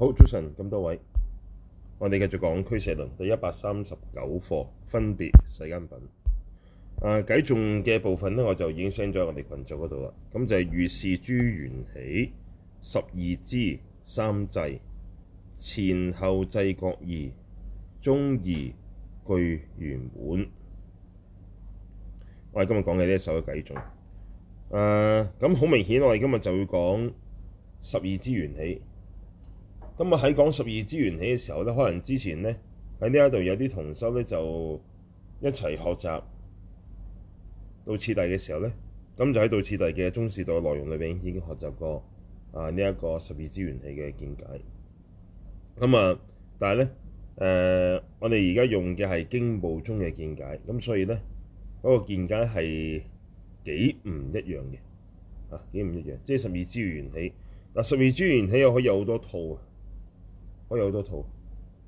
好，早晨咁多位，我哋繼續講《俱舍論》第一百三十九課分別世間品。啊偈頌嘅部分咧，我就已經 send 咗喺我哋群組嗰度啦。咁就係、是、如是諸緣起，十二支三際，前後際各二，中八據圓滿。我、啊、哋今日講嘅呢一首嘅偈頌，誒咁好明顯，我哋今日就會講十二支緣起。咁啊！喺講十二支緣起嘅時候咧，可能之前咧喺呢一度有啲同修咧就一齊學習道次第嘅時候咧，咁就喺道次第嘅中士道內容裏邊已經學習過啊呢一，這個十二支緣起嘅見解。咁啊，但係咧誒，我哋而家用嘅係經部中嘅見解，咁所以咧嗰，那個見解係幾唔一樣嘅啊，幾唔一樣。即係十二支緣起嗱，十二支緣起又可以有好多套啊。可以、哦、有好多套，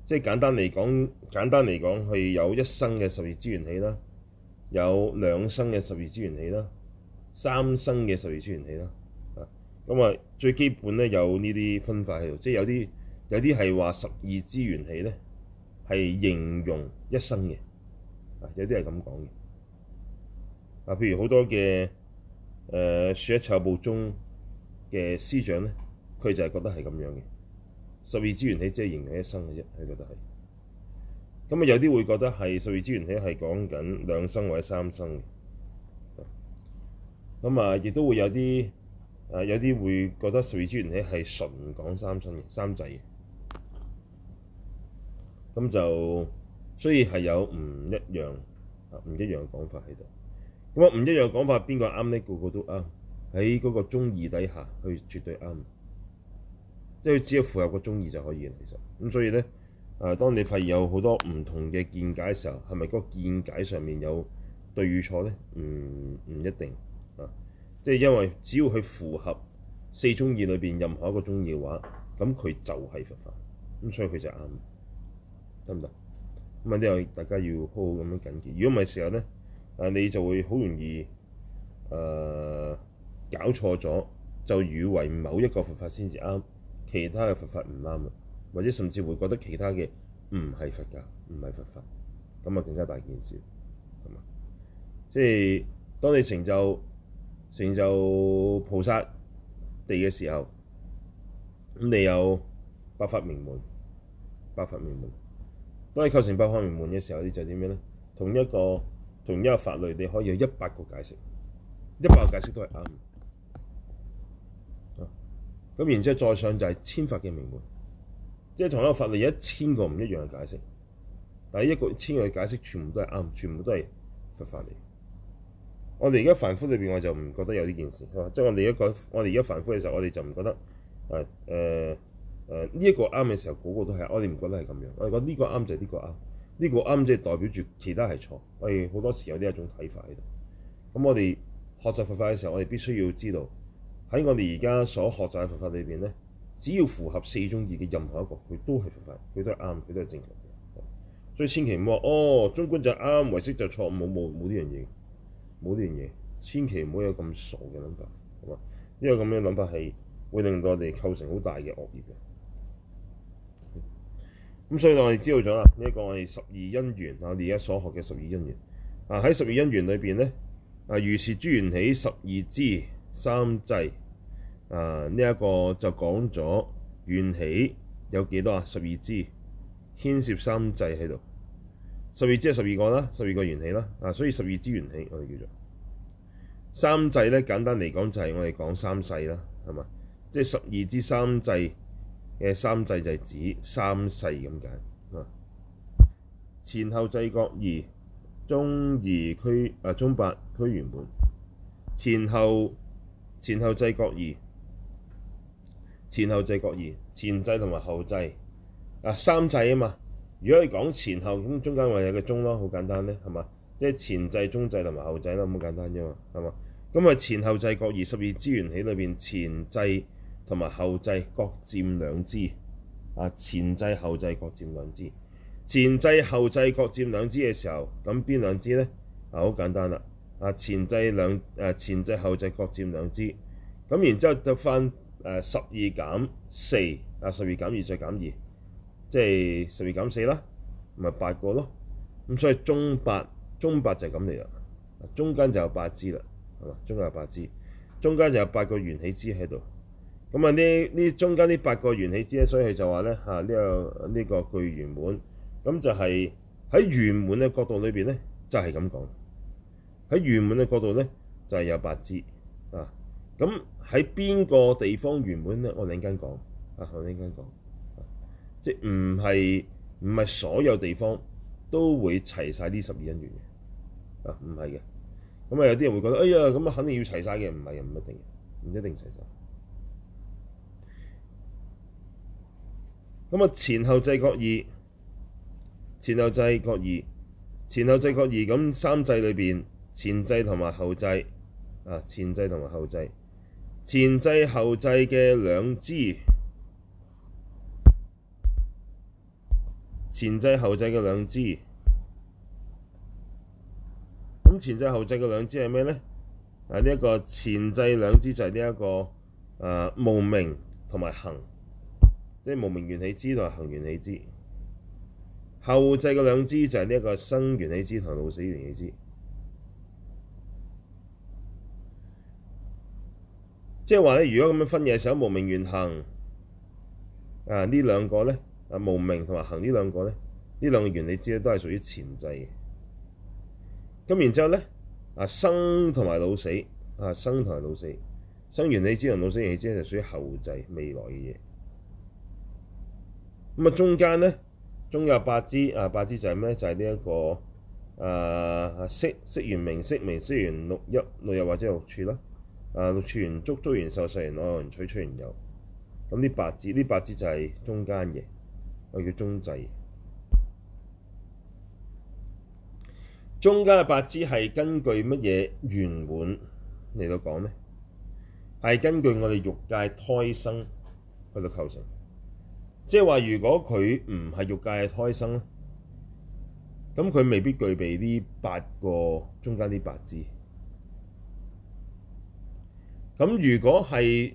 即係簡單嚟講，簡單嚟講係有一生嘅十二支緣起啦，有兩生嘅十二支緣起啦，三生嘅十二支緣起啦。啊，咁啊最基本咧有呢啲分法喺度，即係有啲有啲係話十二支緣起咧係形容一生嘅，啊，有啲係咁講嘅。啊，譬、啊、如好多嘅誒說一切有部中嘅師長咧，佢就係覺得係咁樣嘅。十二支緣起即係形容一生嘅啫，佢覺得係。咁啊，有啲會覺得係十二支緣起係講緊兩生或者三生嘅。咁啊，亦都會有啲啊，有啲會覺得十二支緣起係純講三生嘅三際，咁，就所以係有唔一樣啊，唔一樣嘅講法喺度。咁啊，唔一樣嘅講法邊個啱呢？個個都啱，喺嗰個中意底下，佢絕對啱。即係只要符合個宗義就可以嘅，其實咁所以咧，誒，當你發現有好多唔同嘅見解嘅時候，係咪嗰個見解上面有對與錯咧？唔、嗯、唔一定啊，即係因為只要佢符合四宗義裏邊任何一個宗義嘅話，咁佢就係佛法，咁所以佢就啱得唔得？咁啊呢度大家要好好咁樣緊記，如果唔係時候咧，啊，你就會好容易誒、呃、搞錯咗，就以為某一個佛法先至啱。其他嘅佛法唔啱啦，或者甚至會覺得其他嘅唔係佛教，唔係佛法，咁啊更加大件事，係嘛？即係當你成就成就菩薩地嘅時候，咁你有百法明門，百法明門，當你構成百法明門嘅時候，你就呢就點樣咧？同一個同一個法理，你可以有一百個解釋，一百個解釋都係啱。咁然之後再上就係千法嘅名門，即係同一個法律有一千個唔一樣嘅解釋，但係一個千個嘅解釋全部都係啱，全部都係佛法嚟。我哋而家凡夫裏邊我就唔覺得有呢件事係嘛？即係我哋而家我哋而家凡夫嘅時候，我哋就唔覺得誒誒誒呢一個啱嘅時候，個個都係我哋唔覺得係咁樣。我哋講呢個啱就係呢個啱，呢個啱即係代表住其他係錯。我哋好多時有呢一種睇法喺度。咁我哋學習佛法嘅時候，我哋必須要知道。喺我哋而家所學習嘅佛法裏邊咧，只要符合四宗義嘅任何一個，佢都係佛法，佢都係啱，佢都係正確嘅。所以千祈唔好話哦，中觀就啱，唯識就錯，冇冇冇呢樣嘢，冇呢樣嘢。千祈唔好有咁傻嘅諗法，係嘛？因為咁樣諗法係會令到我哋構成好大嘅惡業嘅。咁所以我哋知道咗啦，呢一個係十二因緣，嗱我哋而家所學嘅十二因緣。啊喺十二因緣裏邊咧，啊如是諸緣起，十二支三際。啊！呢、這、一個就講咗緣起有，有幾多啊？十二支牽涉三際喺度，十二支係十二個啦，十二個緣起啦。啊，所以十二支緣起，我哋叫做三際咧。簡單嚟講就係我哋講三世啦，係嘛？即係十二支三際嘅三際就係指三世咁解。啊，前後際各二，中二據啊，中八據圓滿，前後，前後際各二。前後際各二，前際同埋後際啊，三際啊嘛。如果係講前後咁，中間位有個中咯，好簡單咧，係嘛？即係前際、中際同埋後際啦，咁簡單啫嘛，係嘛？咁啊，前後際各二，十二支緣起裏邊，前際同埋後際各佔兩支啊，前際後際各佔兩支。前際後際各佔兩支嘅時候，咁邊兩支咧？啊，好簡單啦！啊，前際兩誒、啊，前際後際各佔兩支，咁、啊、然之後就翻。誒十二減四啊，十二減二再減二，4, 2, 即係十二減四啦，咪八個咯。咁所以中八中八就係咁嚟啦。中間就有八支啦，係嘛？中間有八支，中間就有八個緣起支喺度。咁啊，呢呢中間呢八個緣起支咧，所以佢就話咧，嚇，呢個呢、呢個據圓滿。咁就係喺圓滿嘅角度裏邊咧，就係咁講。喺圓滿嘅角度咧，就係、係、有八支啊。咁喺邊個地方原本咧？我陣間講，啊，我陣間講，即係唔係唔係所有地方都會齊晒呢十二因緣嘅，啊，唔係嘅。咁啊，有啲人會覺得，哎呀，咁啊，肯定要齊晒嘅。唔係，唔一定，唔一定齊晒。咁、嗯、啊，前後際各二，前後際各二，前後際各二，咁三際裏邊前際同埋後際，啊，前際同埋後際，前際後際嘅兩支，前際後際嘅兩支，咁前際後際嘅兩支係咩咧？啊，呢一個前際兩支就係呢一個啊、呃、無明同埋行，即係無明緣起支同埋行緣起支。後際嘅兩支就係呢一個生緣起支同埋老死緣起支。即係話咧，如果咁樣分嘢嘅時候，無明緣行啊，呢兩個咧啊，無明同埋行呢兩個咧，呢兩個緣起支咧都係屬於前際嘅。咁然之後咧啊，生同埋老死啊，生同埋老死，生緣起支同老死緣起支就屬於後際未來嘅嘢。咁啊，中間咧中有八支啊，八支就係咩？就係呢一個啊，識，識緣名色名色緣六入、六入或者六處啦。啊！六串完足，捉捉完受，受受完，完，攞攞取出完，有。咁，啲八支，呢八支就係中間嘅，我叫中際。中間嘅八支係根據乜嘢圓滿嚟到講呢，係根據我哋欲界胎生去到構成。即係話，如果佢唔係欲界胎生咧，咁佢未必具備呢八個中間啲八支。咁如果係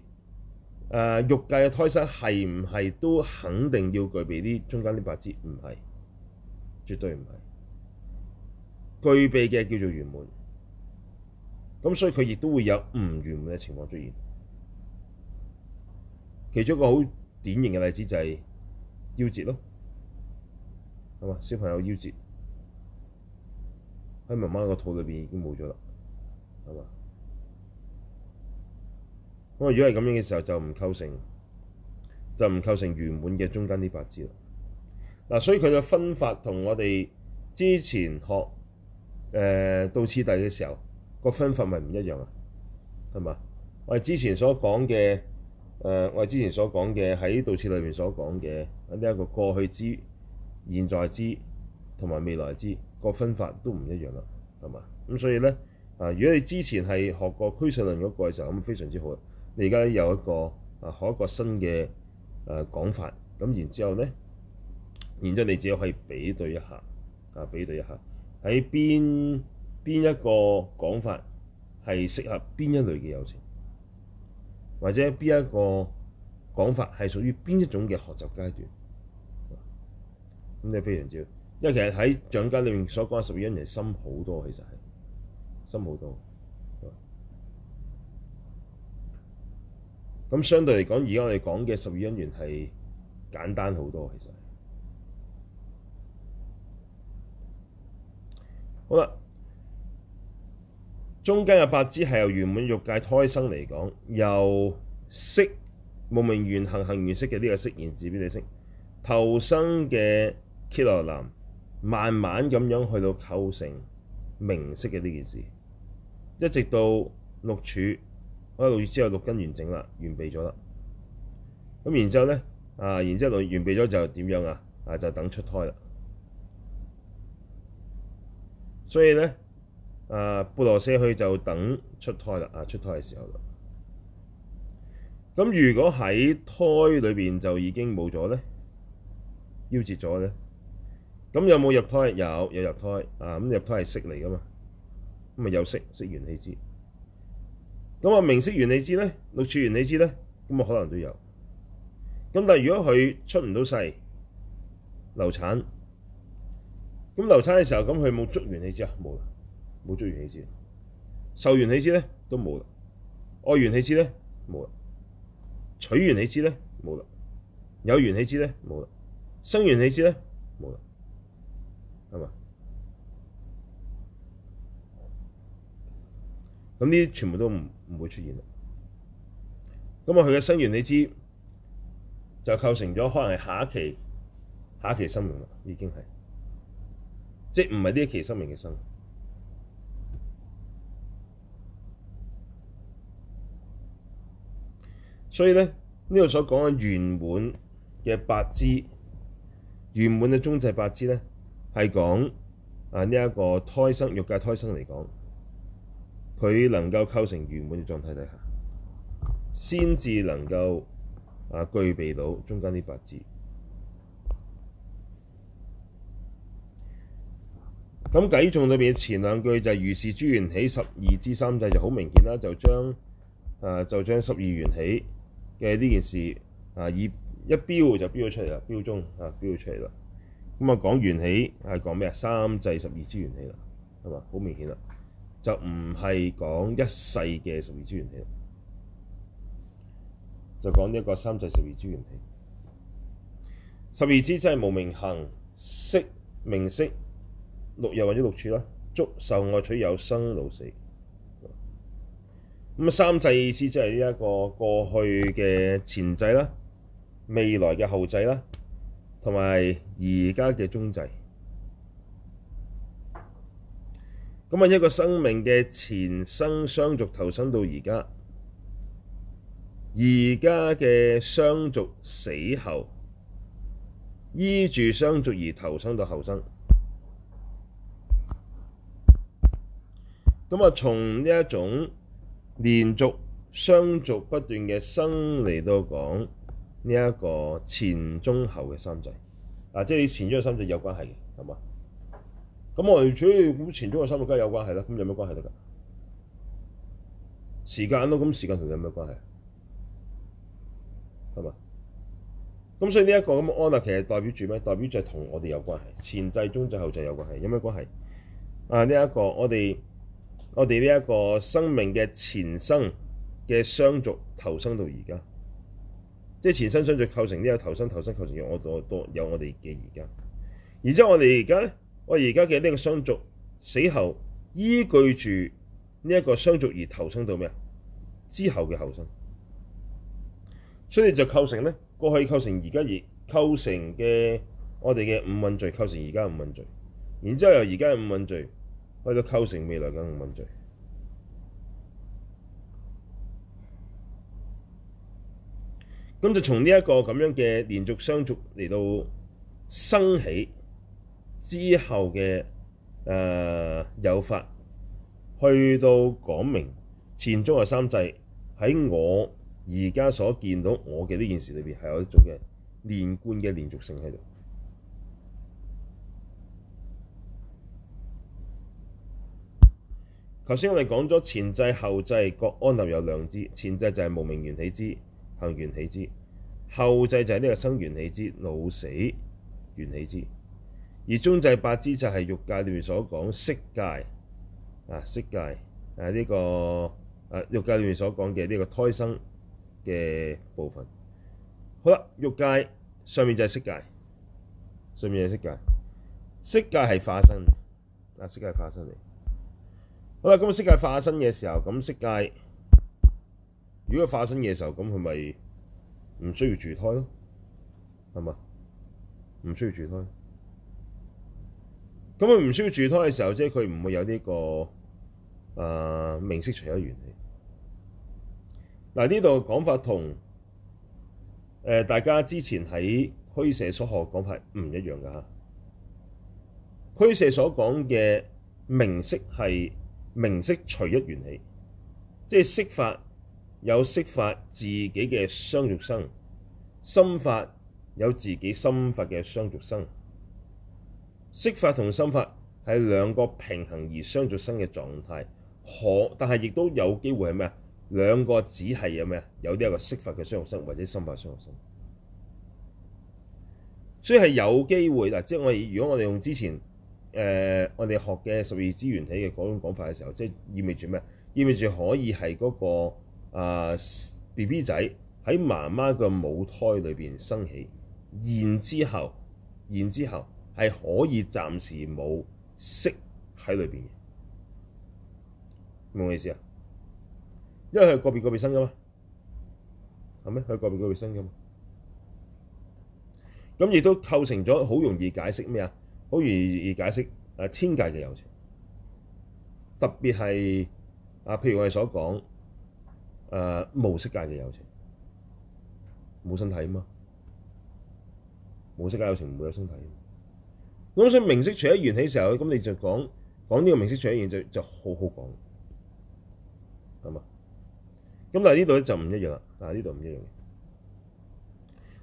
誒欲界嘅胎生係唔係都肯定要具備啲中間啲八支？唔係，絕對唔係。具備嘅叫做圓滿。咁所以佢亦都會有唔圓滿嘅情況出現。其中一個好典型嘅例子就係夭折咯，係嘛？小朋友夭折喺媽媽個肚裏邊已經冇咗啦，係嘛？咁如果係咁樣嘅時候，就唔構成，就唔構成圓滿嘅中間呢八支啦。嗱，所以佢嘅分法同我哋之前學誒、呃、道次第嘅時候個分法咪唔一樣啊？係嘛？我哋之前所講嘅誒，我哋之前所講嘅喺道次裏面所講嘅呢一個過去之、現在之同埋未來之個分法都唔一樣啦。係嘛？咁、啊、所以咧啊，如果你之前係學過俱舍論嗰個嘅時候，咁非常之好。你而家有一個啊，學一個新嘅誒講法，咁然之後咧，然之後你只可以比對一下，啊比對一下，喺邊邊一個講法係適合邊一類嘅有情，或者邊一個講法係屬於邊一種嘅學習階段，咁你非常之，因為其實喺蔣家裏面所講十二因緣深好多，其實係深好多。咁相對嚟講，而家我哋講嘅十二因緣係簡單好多，其實好啦。中間嘅八支係由圓滿欲界胎生嚟講，由識無明、緣行行緣識嘅呢個識現自畀你識投生嘅羯羅藍，慢慢咁樣去到構成名色嘅呢件事，一直到六處，開六月之後，六根完整啦，完備咗啦。咁然之後咧，啊，然之後完完備咗就點樣啊？啊，就等出胎啦。所以咧，啊，缽羅奢佉就等出胎啦。啊，出胎嘅時候啦。咁如果喺胎裏邊就已經冇咗咧，夭折咗咧，咁有冇入胎？有，有入胎。啊，咁入胎係識嚟噶嘛？咁咪有識識完。氣之。咁啊，名色緣起支咧，六處緣起支咧，咁啊可能都有。咁但係如果佢出唔到世，流產，咁流產嘅時候，咁佢冇觸緣起支啊，冇啦，冇觸緣起支，受緣起支咧都冇啦，愛緣起支咧冇啦，取緣起支咧冇啦，有緣起支咧冇啦，生緣起支咧冇啦，係嘛？咁呢啲全部都唔唔會出現啦。咁啊，佢嘅生源你知，就構成咗可能係下一期、下一期生命啦，已經係，即係唔係呢一期生命嘅生。所以咧，呢度所講嘅圓滿嘅八支，圓滿嘅中際八支咧，係講啊呢一、這個胎生、欲界胎生嚟講。佢能夠構成圓滿嘅狀態底下，先至能夠啊具備到中間呢八支。咁偈中裏邊前兩句就係如是諸緣起，十二支三際，就好明顯啦，就將啊就將十二緣起嘅呢件事啊以一標就標咗出嚟啦，標中啊標咗出嚟啦。咁啊講緣起係講咩啊？三際十二支緣起啦，係嘛好明顯啦。就唔係講一世嘅十二支緣起就講呢一個三世十二支緣起。十二支即係無明行識、名色、六入或者六處啦，觸受愛取有生老死。咁、嗯、三世意思即係呢一個過去嘅前際啦，未來嘅後際啦，同埋而家嘅中際。咁啊，一個生命嘅前生相續投生到而家，而家嘅相續死後，依住相續而投生到後生。咁啊，從呢一種連續相續不斷嘅生嚟到講呢一個前中後嘅三際，嗱、啊，即係你前中嘅三際有關係嘅，係嘛？咁我哋主要，咁前中嘅生活梗係有關係啦。咁有咩關係咧？時間咯。咁時間同你有咩關係？係咪？咁所以呢一個咁嘅安娜其實代表住咩？代表就係同我哋有關係，前際、中際、後際有關係。有咩關係？啊！呢一個我哋，我哋呢一個生命嘅前生嘅相續投生到而家，即係前生相續構成呢個投生，投生構成我我都有我哋嘅而家。而之後我哋而家咧。我而家嘅呢個相續，死後，依據住呢一個相續而投生到咩啊？之後嘅後生，所以就構成咧，過去構成而家而構成嘅我哋嘅五蘊聚構成而家五蘊聚，然之後由而家嘅五蘊聚去到構成未來嘅五蘊聚。咁就從呢一個咁樣嘅連續相續嚟到生起。之後嘅誒、呃、有法去到講明前中後三際，喺我而家所見到我嘅呢件事裏邊係有一種嘅連貫嘅連續性喺度。頭先我哋講咗前際後際各安立有兩支，前際就係無明緣起支、行緣起支，後際就係呢個生緣起支、老死緣起支。老死而中際八支就係欲界裏面所講色界啊，色界誒呢、啊這個誒欲、啊、界裏面所講嘅呢個胎生嘅部分。好啦，欲界上面就係色界，上面就係色界。色界係化生，啊，色界係化生嚟。好啦，咁啊，色界化生嘅時候，咁色界如果化生嘅時候，咁佢咪唔需要住胎咯？係咪唔需要住胎？咁佢唔需要住胎嘅時候，即係佢唔會有呢、這個啊名色隨一緣起。嗱，呢度講法同誒、呃、大家之前喺俱舍所學講法唔一樣嘅嚇。俱舍所講嘅名色係名色隨一緣起，即係色法有色法自己嘅相續生，心法有自己心法嘅相續生。色法同心法係兩個平衡而相續生嘅狀態，可但係亦都有機會係咩啊？兩個只係有咩啊？有啲係一個色法嘅相續生，或者心法嘅相續生，所以係有機會嗱。即係我如果我哋用之前誒、呃、我哋學嘅十二支原體嘅嗰種講法嘅時候，即係意味住咩？意味住可以係嗰、嗰個啊 B B 仔喺媽媽嘅母胎裏邊生起，然之後，然之後。係可以暫時冇色喺裏邊嘅，明唔明意思啊？因為佢係個別個別生噶嘛，係咪？佢係個別個別生噶嘛，咁亦都構成咗好容易解釋咩啊？好容易解釋誒天界嘅有情，特別係啊，譬如我哋所講誒、呃、無色界嘅有情，冇身體啊嘛，無色界有情唔會有身體。咁所以名色隨一緣起嘅時候，咁你就講講呢個名色隨一緣就就好好講，係嘛？咁但係呢度咧就唔一樣啦，啊呢度唔一樣。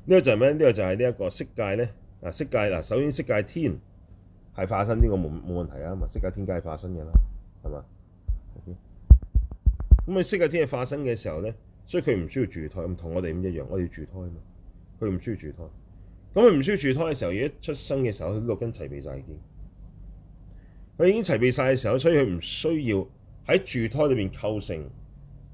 呢個就係咩？呢個就係呢一個色界咧。啊色界嗱，首先色界天係化生呢個冇冇問題啊，咪色界天係化生嘅啦，係嘛？咁你色界天係化生嘅時候咧，所以佢唔需要住胎，唔同我哋唔一樣，我哋要住胎啊嘛，佢唔需要住胎。咁佢唔需要住胎嘅時候，而一出生嘅時候，佢六根齊備曬。佢已經齊備晒嘅時候，所以佢唔需要喺住胎裏邊構成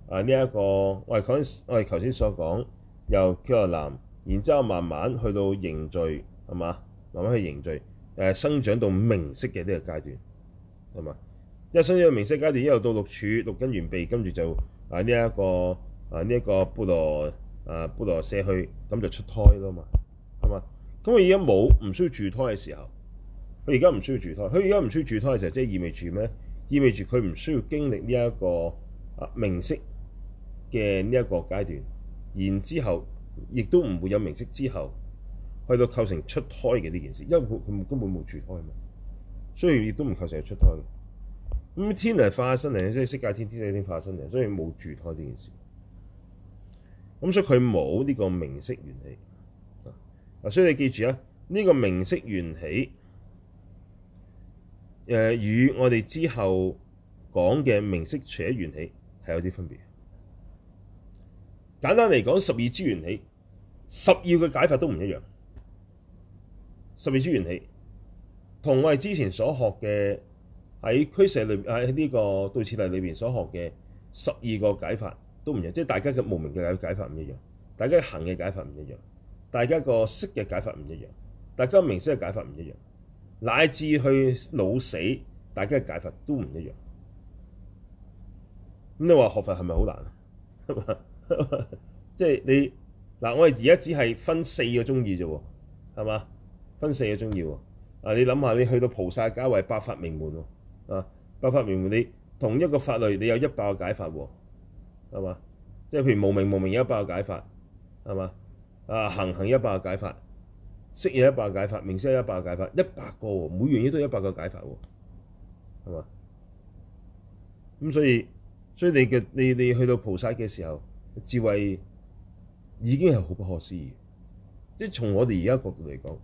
啊呢一個。喂，佢我哋頭先所講，由羯羅藍，然之後慢慢去到凝聚，係嘛？慢慢去凝聚，誒、啊、生長到名色嘅呢個階段，係嘛？一生長到名色階段，之後到六處六根完備，跟住就啊呢一個啊呢一個缽羅啊缽羅奢佉，咁就出胎啦嘛。咁佢而家冇唔需要住胎嘅時候，佢而家唔需要住胎，佢而家唔需要住胎嘅時候，即係意味住咩？意味住佢唔需要經歷呢一個啊名色嘅呢一個階段，然後之後亦都唔會有名色之後去到構成出胎嘅呢件事，因為佢佢根本冇住胎啊嘛，所以亦都唔構成出胎。咁天人化身嚟，即係色界天、天界天化身嚟，所以冇住胎呢件事。咁所以佢冇呢個名色緣起。嗱，所以你記住啦，呢、這個名色緣起，誒、呃、與我哋之後講嘅名色隨一緣起係有啲分別。簡單嚟講，十二支緣起，十二個解法都唔一樣。十二支緣起，同我哋之前所學嘅喺俱舍裏，喺呢個對策例裏邊所學嘅十二個解法都唔一樣，即係大家嘅無明嘅解解法唔一樣，大家行嘅解法唔一樣。大家個識嘅解法唔一樣，大家名色嘅解法唔一樣，乃至去老死，大家嘅解法都唔一樣。咁你話學佛係咪好難啊？係嘛？即係你嗱，我哋而家只係分四個中意啫喎，係嘛？分四個中意啊！你諗下，你去到菩薩階位，百法明門喎啊！百法明門，你同一個法類，你有一百個解法喎，係嘛？即係譬如無明，無明有一百個解法，係嘛？啊，行行，一百個解法，識嘢一百個解法，明識一百個解法，一百個，每樣嘢都有一百個解法喎，係嘛？咁所以，所以你嘅你你去到菩薩嘅時候，智慧已經係好不可思議，即係從我哋而家角度嚟講，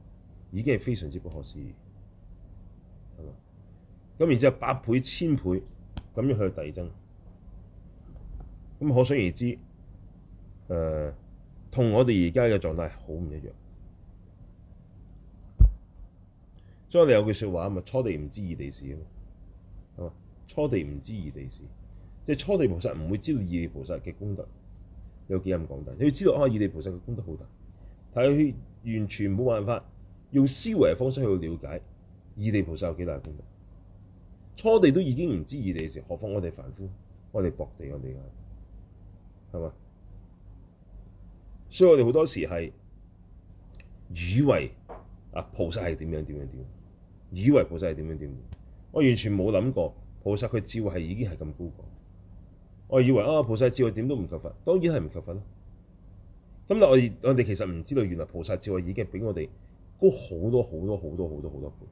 已經係非常之不可思議，係嘛？咁然之後百倍、千倍，咁樣去遞增，咁可想而知，誒、呃。同我哋而家嘅狀態好唔一樣，所以我哋有句説話啊嘛，初地唔知二地事。係嘛？初地唔知二地事，即係初地菩薩唔會知道二地菩薩嘅功德有幾咁廣大，你要知道啊，二地菩薩嘅功德好大，但係佢完全冇辦法用思維嘅方式去了解二地菩薩有幾大功德，初地都已經唔知二地事，何況我哋凡夫，我哋薄地，我哋係係嘛？所以我哋好多時係以為啊，菩薩係點樣點樣點，以為菩薩係點樣點。我完全冇諗過，菩薩佢智慧係已經係咁高嘅。我以為啊，菩薩智慧點都唔及佛，當然係唔及佛啦。咁但我哋，我哋其實唔知道，原來菩薩智慧已經比我哋高好多好多好多好多好多好多倍。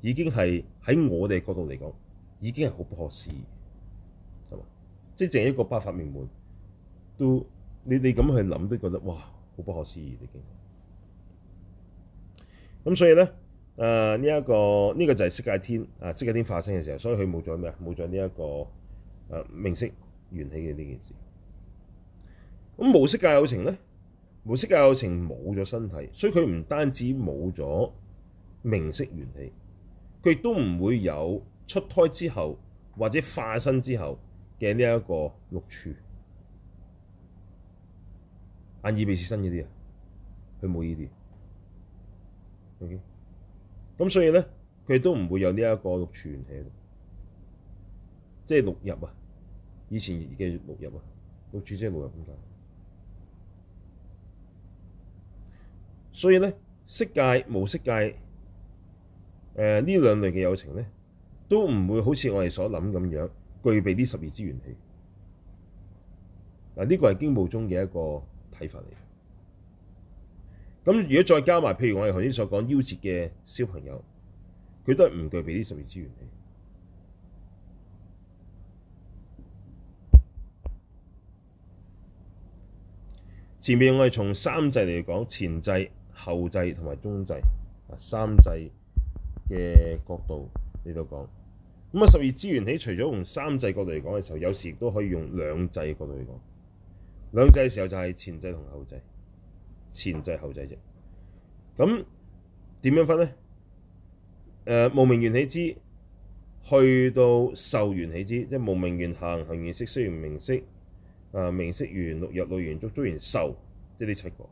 已經係喺我哋角度嚟講，已經係好不可思議，係嘛？即係淨係一個百法明門都。你你咁去諗都覺得哇，好不可思議，你見到咁，所以咧，誒呢一個呢、這個就係色界天啊，色界天化生嘅時候，所以佢冇咗咩啊？冇咗呢一個誒名、呃、色緣起嘅呢件事。咁無色界有情咧，無色界有情冇咗身體，所以佢唔單止冇咗名色緣起，佢亦都唔會有出胎之後或者化生之後嘅呢一個六處。眼耳鼻舌身嗰啲啊，佢冇依啲。OK，咁所以咧，佢都唔會有呢一個六處緣起，即係六入啊。以前嘅六入啊，六處即係六入咁解。所以咧，色界無色界，誒呢兩類嘅有情咧，都唔會好似我哋所諗咁樣，具備呢十二支緣起。嗱，呢個係經部中嘅一個睇法嚟，咁如果再加埋，譬如我哋頭先所講夭折嘅小朋友，佢都係唔具備啲十二支緣起。前面我哋從三際嚟講前際、後際同埋中際啊，三際嘅角度嚟到講。咁啊，十二支緣起喺除咗用三際角度嚟講嘅時候，有時亦都可以用兩際角度嚟講。兩際嘅時候就係前際同後際，前際後際啫。咁點樣分呢？誒、呃，無明緣起支去到受緣起支，即係無明緣緣緣明緣行行緣識識緣名色啊，名色緣六入六緣觸觸，觸緣受，即係呢七個。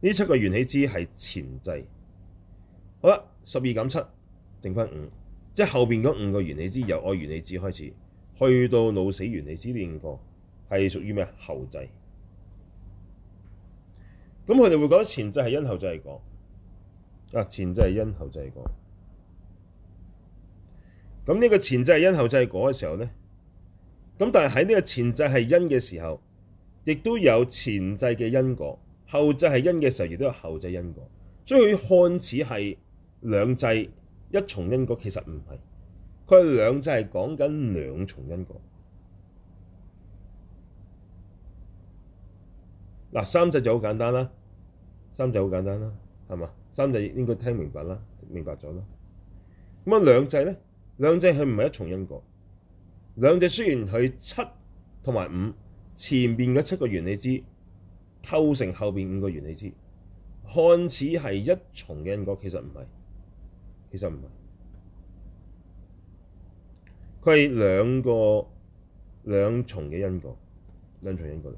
呢七個緣起支係前際。好啦，十二減七，七,剩返五，即係後邊嗰五個緣起支，由愛緣起支開始，去到老死緣起支呢五個，係屬於咩啊？後際。咁佢哋會覺得前際係因，後際係果，啊前際係因，後際係果。咁呢個前際係因，後際係果嘅時候咧，咁但係喺呢個前際係因嘅時候，亦都有前際嘅因果；後際係因嘅時候，亦都有後際因果。所以佢看似係兩際一重因果，其實唔係，佢係兩際係講緊兩重因果。嗱三際就好簡單啦，三際好簡單啦，係嘛？三際應該聽明白啦，明白咗啦。咁啊兩際咧，兩際佢唔係一重因果，兩際雖然係七同埋五前面嘅七個緣起支構成後邊五個緣起支，看似係一重嘅因果，其實唔係，其實唔係，佢係兩個兩重嘅因果，兩重因果嚟。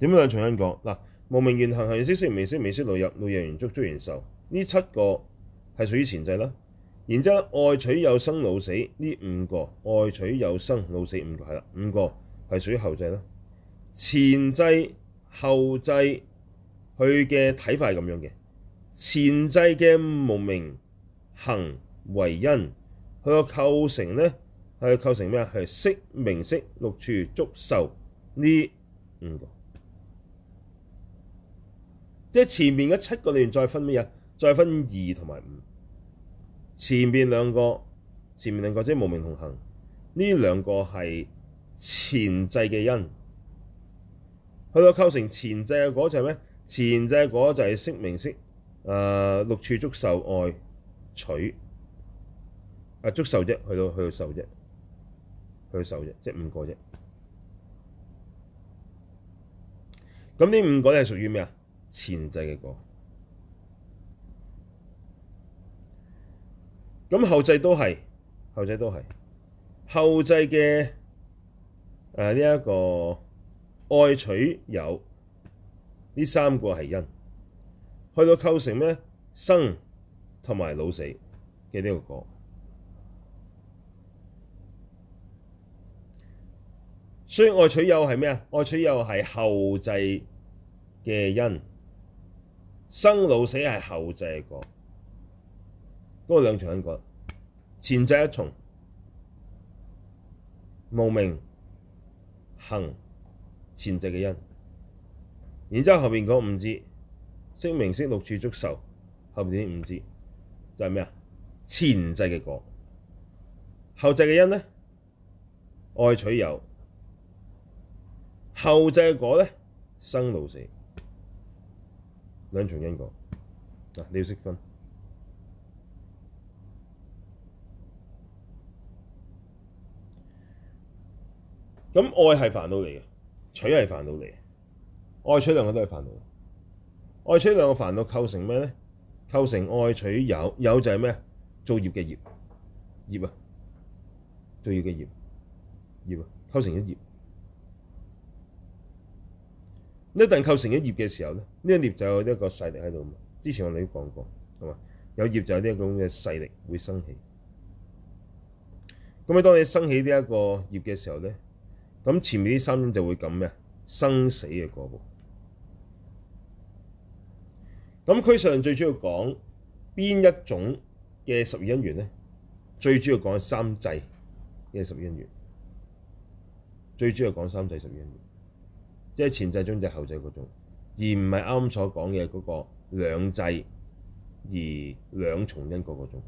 點樣兩重因果嗱？無明緣行，行識，識名色，名色老入，老入緣觸，觸緣受，呢七個係屬於前際啦。然之後愛取有生老死呢五個，愛取有生老死五個係啦，五個係屬於後際啦。前際後際佢嘅睇法係咁樣嘅，前際嘅無明行為因，佢嘅構成咧係構成咩啊？係識名色六處觸受呢五個。即係前面嗰七個段，再分咩嘢？再分二同埋五。前面兩個，前面兩個兩個即係無明同行。呢兩個係前際嘅因。去到構成前際嘅果就係咩？前際果就係識名色誒，六處觸受愛取啊，觸受啫。去到去到受啫，去到受啫，即係五個啫。咁呢五個係屬於咩啊？前際嘅果，咁後際都係，後際都係，後際嘅，誒，呢一個愛取有，呢三個係因，去到構成咩？生同埋老死嘅呢個果，所以愛取有係咩啊？愛取有係後際嘅因。生老死係後際嘅果，嗰、那個兩重因果，前際一重無明、行，前際嘅因，然之後後邊五支，識、名色、六處、觸、受，後邊呢五支，就係咩啊？前際嘅果，後際嘅因呢？愛取有，後際嘅果呢？生老死。兩重因果，你要識分。咁愛係煩惱嚟嘅，取係煩惱嚟嘅，愛取兩個都係煩惱。愛取兩個煩惱構成咩咧？構成愛取有，有就係咩？造業嘅業，業啊！造業嘅業，業啊，構成一業。一旦構成一業嘅時候咧，呢一業就有一個勢力喺度。之前我哋都講過，係嘛？有業就有呢一種嘅勢力會生起。咁你當你生起呢一個業嘅時候咧，咁前面啲三因就會咁咩生死嘅過步。咁俱舍最主要講邊一種嘅十二因緣咧？最主要講三際嘅十二因緣。最主要講三際十二因緣。即係前際中際後際嗰種，而唔係啱啱所講嘅嗰個兩際而兩重因果嗰種。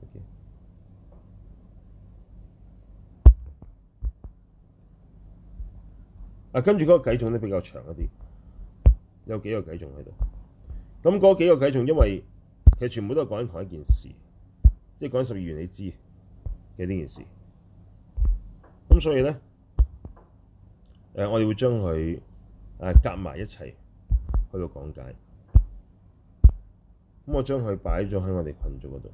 Okay. 啊，跟住嗰個偈頌咧，比較長一啲，有幾個偈頌喺度。咁嗰幾個偈頌因為其實全部都係講緊同一件事，即係講緊十二緣你知嘅呢件事。咁所以咧。我哋會將佢誒夾埋一齊去到講解。咁、嗯、我將佢擺咗喺我哋群組嗰度。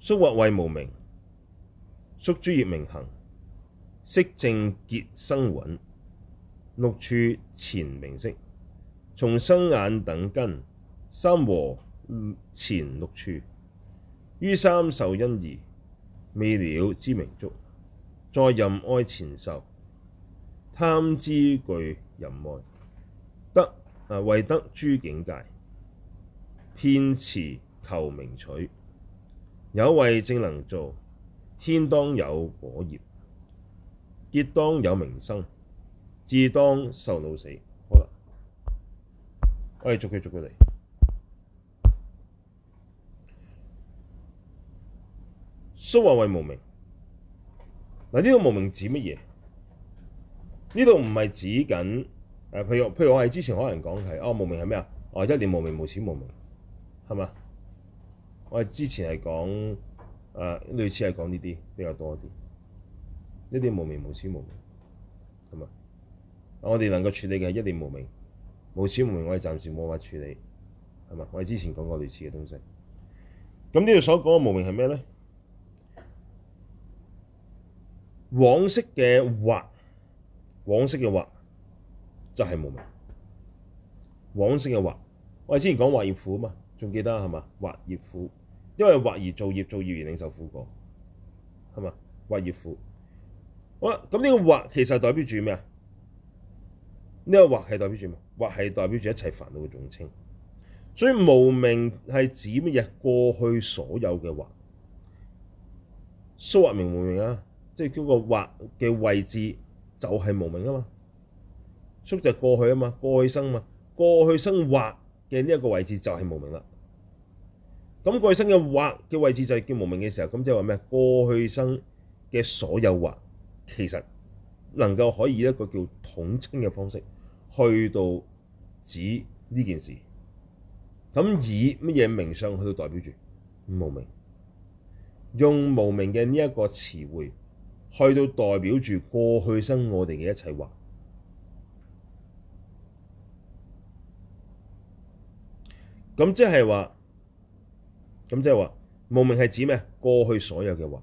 宿惑位無明，宿諸業名行，識正結生蘊，六處前名色，從生眼等根，三和前六處，於三受因異，未了知名觸，在婬愛前受，貪資具婬愛，得啊，為得諸境界，遍馳求名取，有謂正能造，牽當有果業，結當有名生，至當受老死。好啦，我哋逐句逐句嚟。蘇話：so, 為無明嗱，呢個無明指乜嘢？呢度唔係指緊誒、呃，譬如譬如我係之前可能講係哦，無明係咩啊？哦，一念無明無始無明係嘛？我係之前係講誒，類似係講呢啲比較多啲，呢啲無明無始無明係嘛？我哋能夠處理嘅一念無明無始無明，我哋暫時冇法處理係嘛？我哋之前講過類似嘅東西。咁呢度所講嘅無明係咩咧？往昔嘅惑，往昔嘅惑就係、是、無明。往昔嘅惑，我哋之前講惑業苦嘛，仲記得係嘛？惑業苦，因為惑而造業，造業而領受苦果，係嘛？惑業苦。好啦，咁呢個惑其實代表住咩啊？呢、這個惑係代表住咩？惑係代表住一切煩惱嘅總稱。所以無明係指乜嘢？過去所有嘅惑，宿惑，明唔明啊？即係叫個惑嘅位置就係無明啊嘛，宿就過去啊嘛，過去生嘛，過去生惑嘅呢一個位置就係無明啦。咁過去生嘅惑嘅位置就係叫無明嘅時候，咁即係話咩？過去生嘅所有惑其實能夠可以一個叫統稱嘅方式去到指呢件事，咁以乜嘢名相去到代表住無明？用無明嘅呢一個詞彙。去到代表住過去生我哋嘅一切惑，咁即係話，咁即係話，無明係指咩啊？過去所有嘅惑，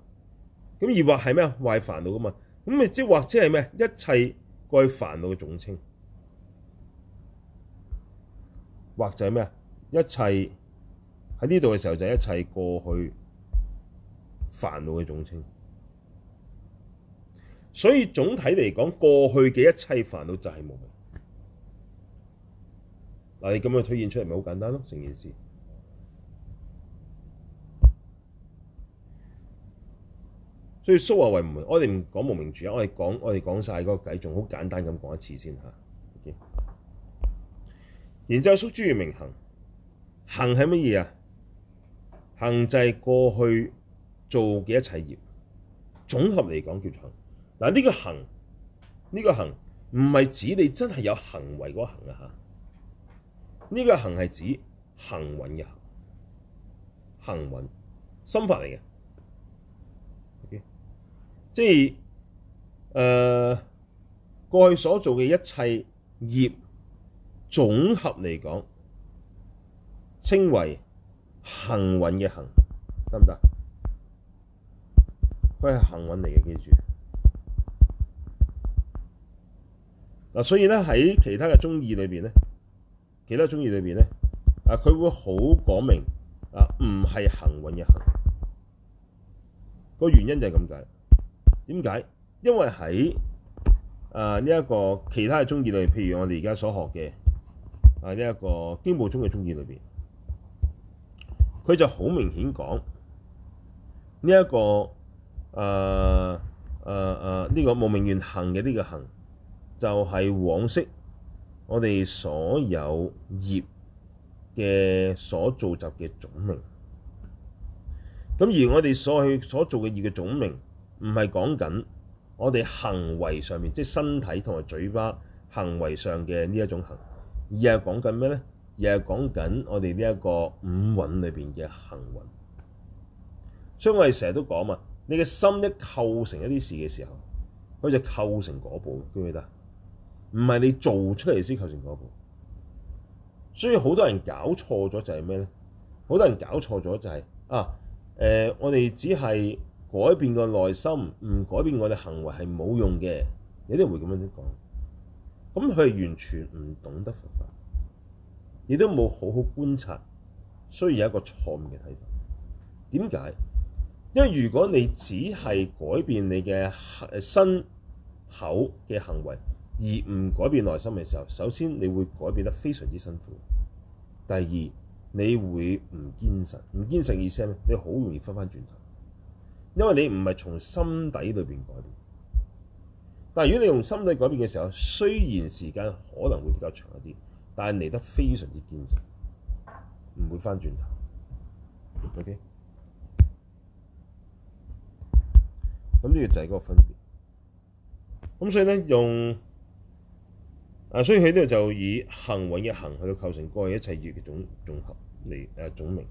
咁而或係咩啊？壞煩惱噶嘛？咁咪即或者係咩？一切過去煩惱嘅總稱，或者係咩啊？一切喺呢度嘅時候就係一切過去煩惱嘅總稱。所以總體嚟講，過去嘅一切煩惱就係無明。嗱，你咁樣推演出嚟，咪好簡單咯，成件事。所以宿惑位無明，我哋唔講無明住，我哋講我哋講晒嗰個偈，仲好簡單咁講一次先吓，然之後宿諸業名行，行係乜嘢啊？行就係過去做嘅一切業，總合嚟講叫行。嗱，呢個行，呢個行唔係指你真係有行為嗰個行啊吓，呢個行係指行蘊嘅行，行蘊心法嚟嘅。OK？即係誒、呃、過去所做嘅一切業總合嚟講，稱為行蘊嘅行，得唔得？佢係行蘊嚟嘅，記住。嗱，所以咧喺其他嘅中意裏邊咧，其他中意裏邊咧，啊佢會好講明啊，唔係行運嘅行。原個原因就係咁解。點解？因為喺啊呢一個其他嘅中意裏，譬如我哋而家所學嘅啊呢一個經部宗嘅中意裏邊，佢就好明顯講呢一個啊啊啊呢個無明緣行嘅呢個行。就係往昔我哋所有業嘅所造就嘅總名。咁而我哋所去所做嘅業嘅總名，唔係講緊我哋行為上面，即係身體同埋嘴巴行為上嘅呢一種行，而係講緊咩咧？而係講緊我哋呢一個五蘊裏邊嘅行蘊。所以，我哋成日都講嘛，你嘅心一構成一啲事嘅時候，佢就構成果報，記唔記得啊？唔係你做出嚟先構成嗰一，所以好多人搞錯咗就係咩咧？好多人搞錯咗就係、是、啊！誒、呃，我哋只係改變個內心，唔改變我哋行為係冇用嘅。你都人會咁樣講，咁佢係完全唔懂得佛法，亦都冇好好觀察，所以有一個錯誤嘅睇法。點解？因為如果你只係改變你嘅身口嘅行為，而唔改變內心嘅時候，首先你會改變得非常之辛苦；第二，你會唔堅實。唔堅實意思咩？你好容易翻翻轉頭，因為你唔係從心底裏邊改變。但係如果你用心底改變嘅時候，雖然時間可能會比較長一啲，但係嚟得非常之堅實，唔會翻轉頭。OK，咁呢個就係嗰個分別。咁所以咧，用。啊，所以呢度就以行蘊一行去到構成過去一切業嘅總總合嚟誒總明，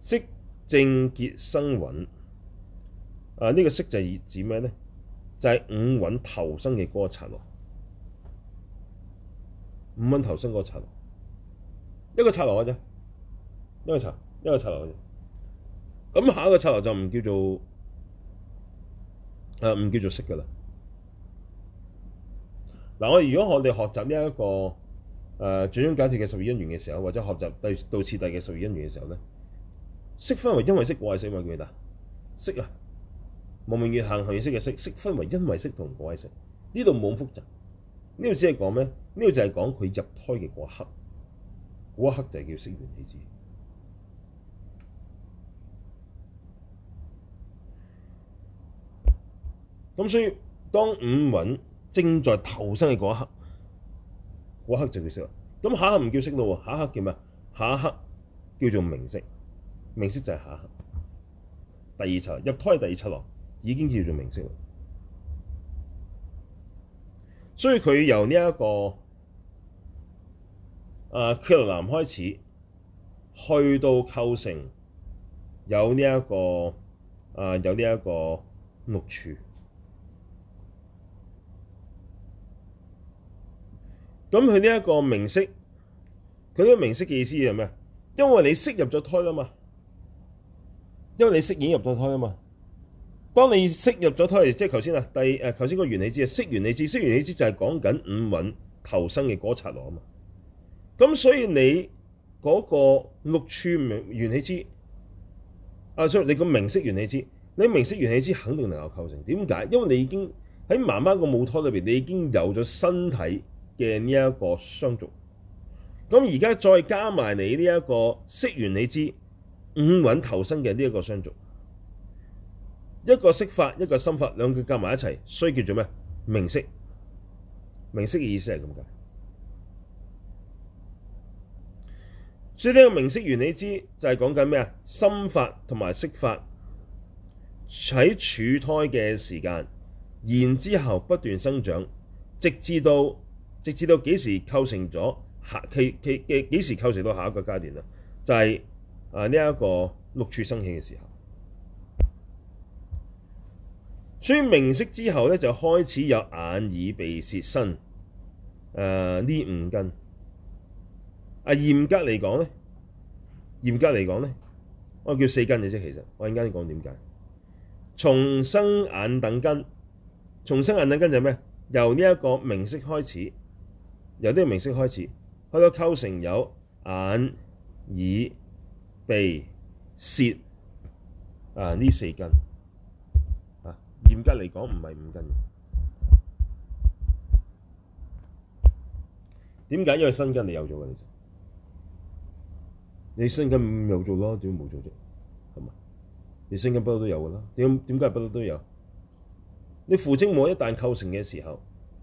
識正結生蘊。啊，呢、這個識就係指咩咧？就係、是、五蘊投生嘅嗰個剎。五蘊投生嗰個剎，一個剎落去啫，一個剎，一個剎落去啫。咁、嗯、下一個剎落就唔叫做誒唔、啊、叫做識噶啦。嗱，我如果我哋學習呢一個誒最終解釋嘅十二因緣嘅時候，或者學習第到次第嘅十二因緣嘅時候咧，識分為因位識、果位識咪叫咩？嗱，識啊！無明緣行，行緣識嘅識，識分為因位識同果位識。呢度冇咁複雜，呢度只係講咩？呢度就係講佢入胎嘅嗰一刻，嗰一刻就係叫識緣起支。咁所以當五蘊，正在投生嘅嗰一刻，嗰刻就叫識。咁下一刻唔叫識咯，下一刻叫咩？下一刻叫做名色，名色就係下一刻。第二層入胎第二七落，已經叫做名色啦。所以佢由呢一個啊羯羅藍開始，去到構成有呢一個啊，有呢一個六處。咁佢呢一個名色，佢呢個名色嘅意思係咩？因為你識入咗胎啊嘛，因為你識已經入咗胎啊嘛，當你識入咗胎，即係頭先啊，第誒頭先個緣起支啊，識緣起支，識緣起支就係講緊五蘊投生嘅嗰個策羅啊嘛。咁所以你嗰個六處明緣起支，啊，sorry，你個名色緣起支，你名色緣起支肯定能夠構成點解？因為你已經喺媽媽個母胎裏邊，你已經有咗身體。嘅呢一個雙軸，咁而家再加埋你呢、這、一個識緣起支五蘊投生嘅呢一個雙軸，一個色法，一個心法，兩個夾埋一齊，所以叫做咩？名色，名色嘅意思係咁解。所以呢個名色緣起支就係講緊咩啊？心法同埋色法喺處胎嘅時間，然之後不斷生長，直至到。直至到幾時構成咗下佢佢嘅幾時構成到下一個階段啦？就係啊呢一個六處生起嘅時候，所以名色之後咧就開始有眼耳鼻舌身誒呢、呃、五根。啊，嚴格嚟講咧，嚴格嚟講咧，我叫四根嘅啫。其實我陣間講點解從生眼等根？從生眼等根就係咩？由呢一個名色開始。由啲係名色開始，佢到構成有眼、耳、鼻、舌，啊呢四根，啊，嚴格嚟講唔係五根嘅。點解？因為身根你有咗嘅，其實你身根唔有做咯，點冇做啫？係咪？你身根是不嬲都有嘅啦？點點解不嬲都有？你父精母一旦構成嘅時候，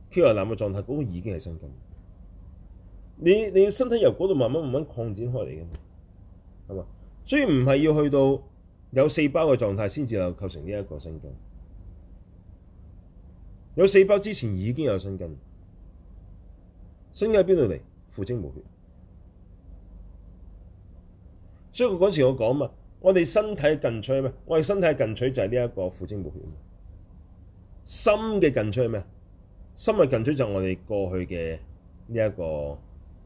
羯羅藍嘅狀態，嗰個已經係身根。你你身體由嗰度慢慢慢慢擴展開嚟嘅，係嘛？所以唔係要去到有細胞嘅狀態先至有構成呢一個身根。有細胞之前已經有身根，身根喺邊度嚟？父精母血。所以嗰時我講嘛，我哋身體嘅近取係咩？我哋身體嘅近取就係呢一個父精母血。心嘅近取係咩？心嘅近取就係我哋過去嘅呢一個。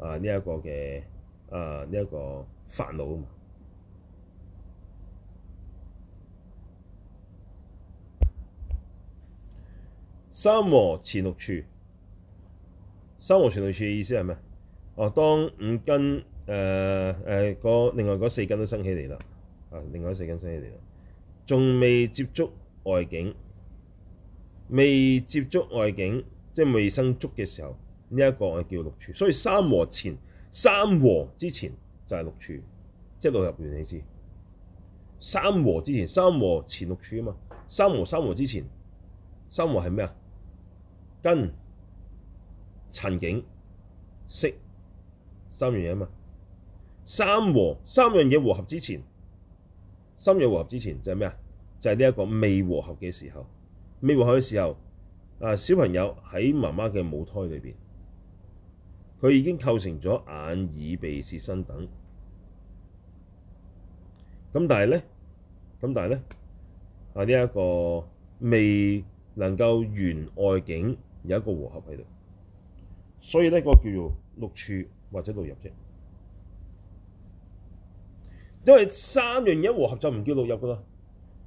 啊！呢、這、一個嘅啊，呢、這、一個煩惱啊！三和前六處，三和前六處嘅意思係咩？哦、啊，當五根誒誒、呃呃、另外四根都生起嚟啦，啊，另外四根生起嚟啦，仲未接觸外境，未接觸外境，即係未生觸嘅時候。呢一個我叫六處，所以三和前三和之前就係六處，即係六入嘅意思，三和之前，三和前六處啊嘛。三和三和之前，三和係咩啊？根、陳景、識三樣嘢啊嘛。三和三樣嘢和合之前，三樣和合之前就係咩啊？就係呢一個未和合嘅時候，未和合嘅時候啊，小朋友喺媽媽嘅母胎裏邊。佢已經構成咗眼、耳、鼻、舌、身等，咁但係咧，咁但係咧係呢一個未能夠緣外境有一個和合喺度，所以呢個叫做六處或者六入啫。因為三樣嘢一和合就唔叫六入噶啦，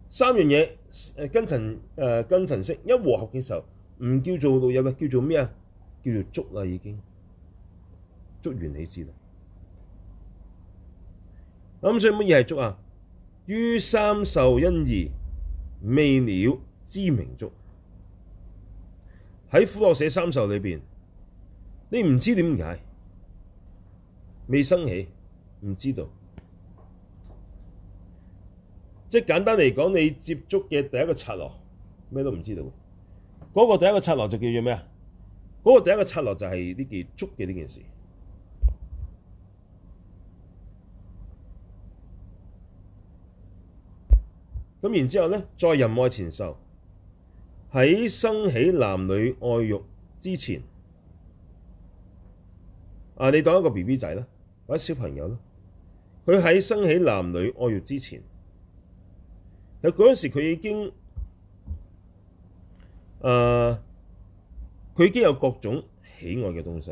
三樣嘢誒根塵誒根塵識一和合嘅時候，唔叫做六入啦，叫做咩啊？叫做觸啦，已經。觸完你知啦，咁所以乜嘢係觸啊？於三受因異，未了知名觸，喺《苦樂捨三受》裏邊，你唔知點解未生起，唔知道。即係簡單嚟講，你接觸嘅第一個策略，咩都唔知道，嗰個第一個策略就叫做咩啊？嗰個第一個策略就係呢件觸嘅呢件事。咁然之後咧，在淫愛前受，喺生起男女愛欲之前，啊，你當一個 B B 仔啦，或者小朋友啦，佢喺生起男女愛欲之前，喺嗰陣時佢已經，誒，佢已經有各種喜愛嘅東西，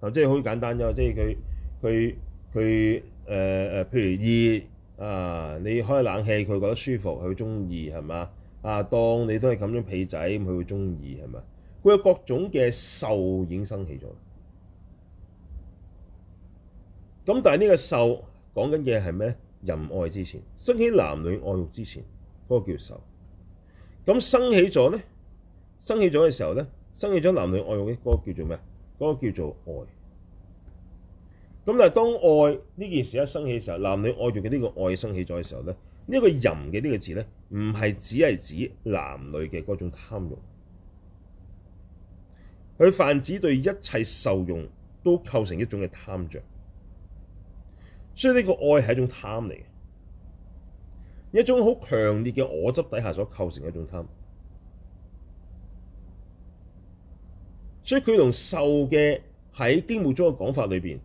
啊，即係好簡單啫，即係佢佢佢誒誒，譬如二。啊！你開冷氣，佢覺得舒服，佢中意係嘛？啊，當你都係冚張被仔，咁佢會中意係咪？佢有各種嘅受已經生起咗。咁但係呢個受講緊嘅係咩？人淫愛之前，升起男女愛欲之前，嗰個叫受。咁升起咗咧，升起咗嘅時候咧，升起咗男女愛欲嘅嗰個叫做咩啊？嗰個叫做愛。咁但係當愛呢件事一生起嘅時候，男女愛慾嘅呢個愛生起咗嘅時候咧，呢個淫嘅呢個字咧，唔係只係指男女嘅嗰種貪慾，佢泛指對一切受用都構成一種嘅貪着。所以呢個愛係一種貪嚟嘅，一種好強烈嘅我執底下所構成一種貪。所以佢同受嘅喺經目中嘅講法裏邊。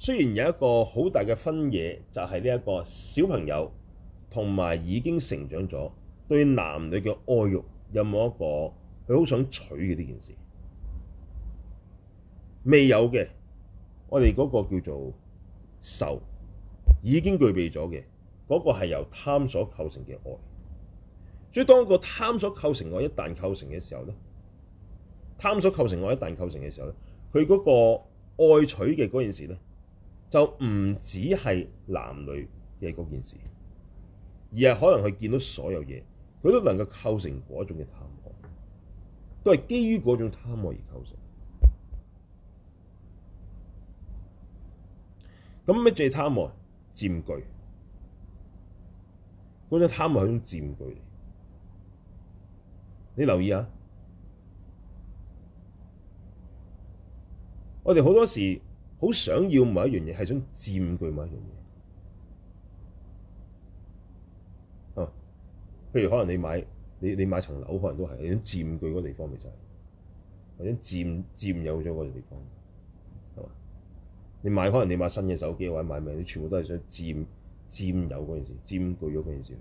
雖然有一個好大嘅分野，就係呢一個小朋友同埋已經成長咗，對男女嘅愛欲。有冇一個佢好想取嘅呢件事？未有嘅，我哋嗰個叫做受已經具備咗嘅嗰個係由貪所構成嘅愛。所以當個貪所構成愛一旦構成嘅時候咧，貪所構成愛一旦構成嘅時候咧，佢嗰個愛取嘅嗰件事咧。就唔止係男女嘅嗰件事，而係可能佢見到所有嘢，佢都能夠構成嗰種嘅貪愛，都係基於嗰種貪愛而構成。咁咩最貪愛？佔據嗰種貪愛係一種佔據嚟。你留意下，我哋好多時，好想要買一樣嘢，係想佔據某一樣嘢啊。譬如可能你買你你買層樓，可能都係你想佔據嗰地方，咪就係或者佔佔有咗嗰個地方，係嘛？你買可能你買新嘅手機或者買咩，你全部都係想佔佔有嗰件事，佔據咗嗰件事。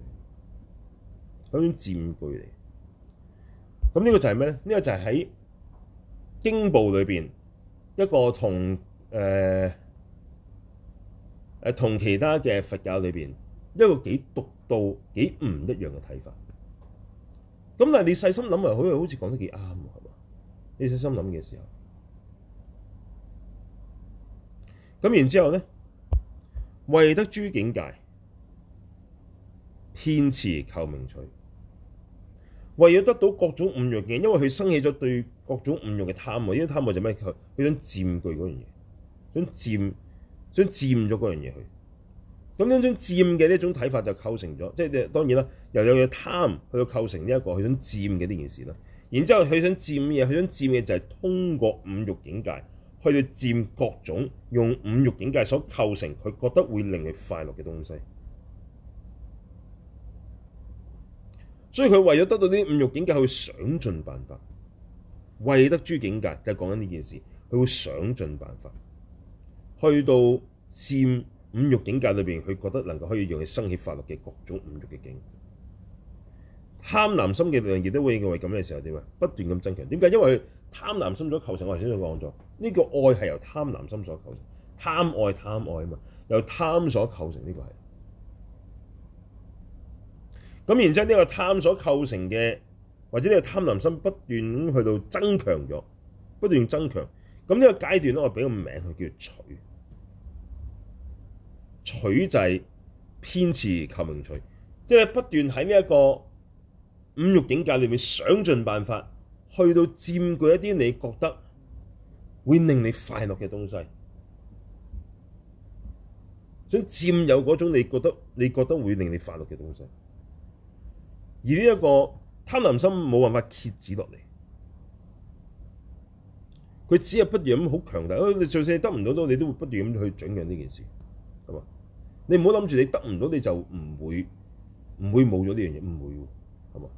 係想佔據嚟。咁呢個就係咩咧？呢個就係喺經部裏邊一個同。誒誒，同、呃、其他嘅佛教裏邊一個幾獨到、幾唔一樣嘅睇法。咁但係你細心諗下，佢好似講得幾啱喎，係嘛？你細心諗嘅時候，咁然之後咧，為得諸境界，遍馳求名取，為咗得，得到各種五欲嘅，因為佢生起咗對各種五欲嘅貪愛，因為貪愛就咩佢佢想佔據嗰樣嘢。想佔想佔咗嗰樣嘢去，咁呢種想佔嘅呢種睇法就構成咗，即係當然啦，又有嘢貪去到構成呢、這、一個佢想佔嘅呢件事啦。然之後佢想佔嘢，佢想佔嘅就係通過五欲境界去到佔各種用五欲境界所構成，佢覺得會令佢快樂嘅東西。所以佢為咗得到啲五欲境界，佢會想盡辦法為得諸境界，就係講緊呢件事，佢會想盡辦法。去到佔五欲境界裏邊，佢覺得能夠可以用嚟生起快樂嘅各種五欲嘅境界。貪婪心嘅力量亦都會認為咁嘅時候點啊？不斷咁增強，點解？因為貪婪心所構成我頭先所講咗，呢、這個愛係由貪婪心所構成，貪愛貪愛啊嘛，由貪所構成，呢、這個係。咁然之後呢個貪所構成嘅，或者呢個貪婪心不斷咁去到增強咗，不斷增強。咁呢個階段咧，我俾個名佢叫取，取就係遍馳求名取，即係不斷喺呢一個五欲境界裏面想盡辦法，去到占據一啲你覺得會令你快樂嘅東西，想占有嗰種你覺得你覺得會令你快樂嘅東西，而呢、這、一個貪婪心冇辦法遏止落嚟。佢只係不斷咁好強大，誒！你就算你得唔到都，你都會不斷咁去獎揚呢件事，係嘛？你唔好諗住你得唔到你就唔會唔會冇咗呢樣嘢，唔會，係嘛？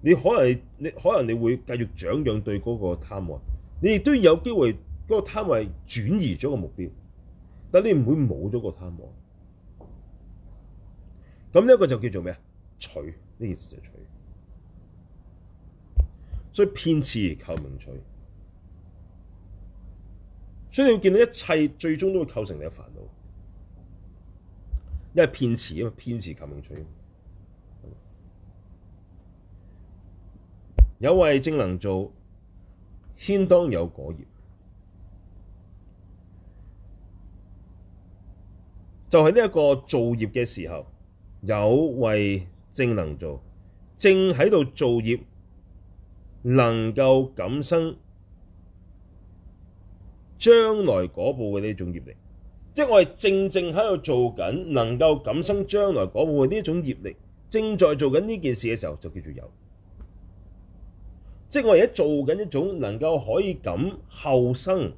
你可能你可能你會繼續獎揚對嗰個貪妄，你亦都有機會嗰個貪妄轉移咗個目標，但你唔會冇咗個貪妄。咁呢一個就叫做咩啊？取，呢件事就係取」。所以遍馳求名取。所以你見到一切最終都會構成你嘅煩惱，因為遍馳啊嘛，遍馳求名取。有謂正能造，牽當有果業，就係呢一個造業嘅時候，有謂正能造，正喺度造業，能夠感生。將來嗰部嘅呢種業力，即係我哋正正喺度做緊，能夠感生將來嗰部嘅呢一種業力，正在做緊呢件事嘅時候，就叫做有。即係我而家做緊一種能夠可以感後生，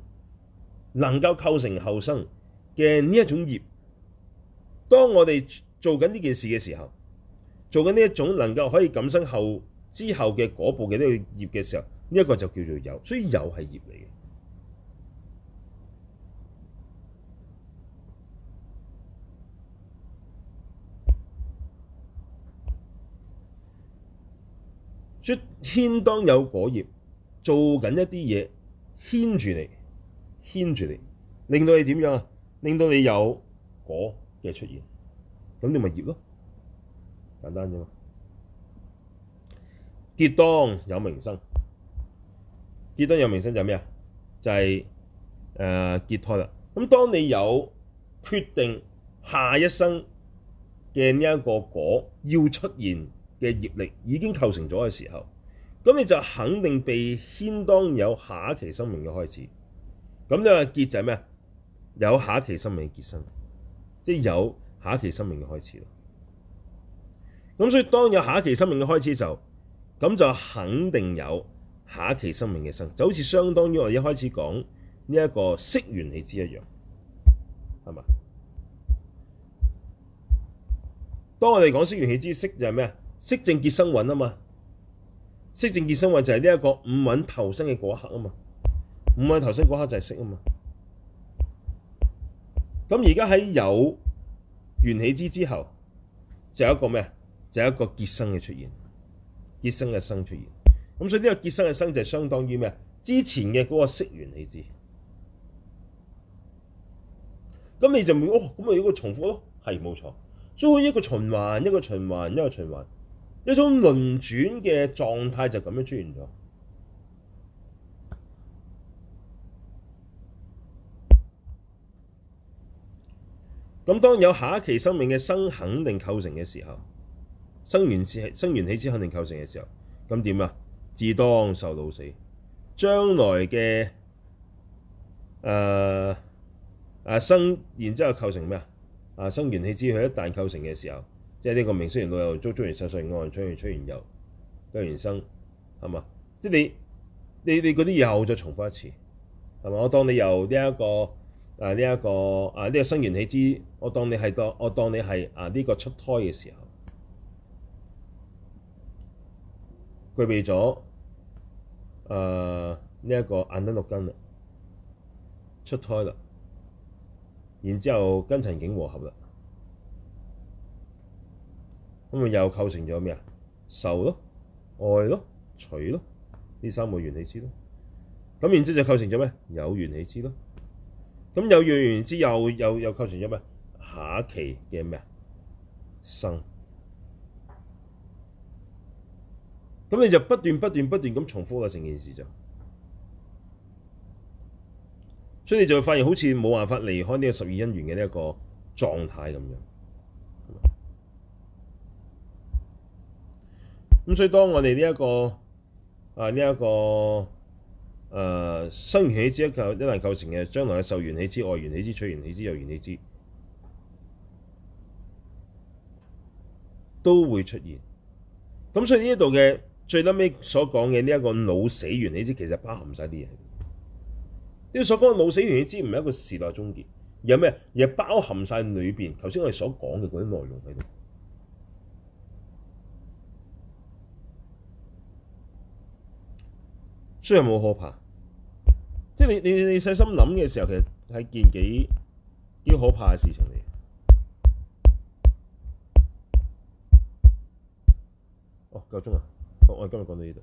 能夠構成後生嘅呢一種業。當我哋做緊呢件事嘅時候，做緊呢一種能夠可以感生後之後嘅嗰部嘅呢個業嘅時候，呢一個就叫做有。所以有係業嚟嘅。即牽當有果業，做緊一啲嘢牽住你，牽住你，令到你點樣啊？令到你有果嘅出現，咁你咪業咯，簡單啫嘛。結當有名生，結當有名生就係咩啊？就係誒結胎啦。咁當你有決定下一生嘅呢一個果要出現。嘅業力已經構成咗嘅時候，咁你就肯定被牽當有下一期生命嘅開始。咁呢個結就係咩啊？有下一期生命嘅結生，即係有下一期生命嘅開始咯。咁所以當有下一期生命嘅開始嘅時候，咁就肯定有下一期生命嘅生，就好似相當於我哋一開始講呢一個識緣起支一樣，係嘛？當我哋講識緣起支，識就係咩啊？識正結生蘊啊嘛，識正結生蘊就係呢一個五蘊投生嘅嗰刻啊嘛，五蘊投生嗰刻就係識啊嘛。咁而家喺有緣起支之後，就有一個咩？就有一個結生嘅出現，結生嘅生出現。咁所以呢個結生嘅生就係相當於咩？之前嘅嗰個識緣起支，咁你就唔哦，咁咪一個重複咯，係冇錯，所以一個循環，一個循環，一個循環。一種輪轉嘅狀態就咁樣出現咗。咁當有下一期生命嘅生肯定構成嘅時候，生緣起支，生緣起支肯定構成嘅時候，咁點啊？至當受老死。將來嘅誒誒生然之後構成咩啊？啊生緣起支佢一旦構成嘅時候。即係呢個名色然落又出，出完受，受完出完出完有，出完生，係嘛？即係你，你你嗰啲又再重複一次，係嘛？我當你由呢、這、一個啊呢一、這個啊呢、這個生緣起支，我當你係當我當你係啊呢、這個出胎嘅時候，具備咗啊呢一、這個眼等六根啦，出胎啦，然之後根塵境和合啦。咁咪又構成咗咩啊？受咯、愛咯、取咯，呢三個緣起支咯。咁然之後就構成咗咩？有緣起支咯。咁有緣起支又又又構成咗咩？下一期嘅咩啊？生。咁你就不斷不斷不斷咁重複啊成件事就。所以你就會發現好似冇辦法離開呢個十二因緣嘅呢一個狀態咁樣。咁、嗯、所以當我哋呢一個啊呢一、這個誒、呃、生緣起支構一旦構成嘅，將來嘅受緣起支、愛緣起支、取緣起支、有緣起支都會出現。咁、嗯、所以呢一度嘅最屘尾所講嘅呢一個老死緣起支，其實包含晒啲嘢。呢個所講老死緣起支唔係一個時代終結，而係咩？而係包含晒裏邊頭先我哋所講嘅嗰啲內容喺度。雖然冇可怕，即係你你你細心諗嘅時候，其實係件幾可怕嘅事情嚟。哦，夠鍾啦！哦，我今日講到呢度。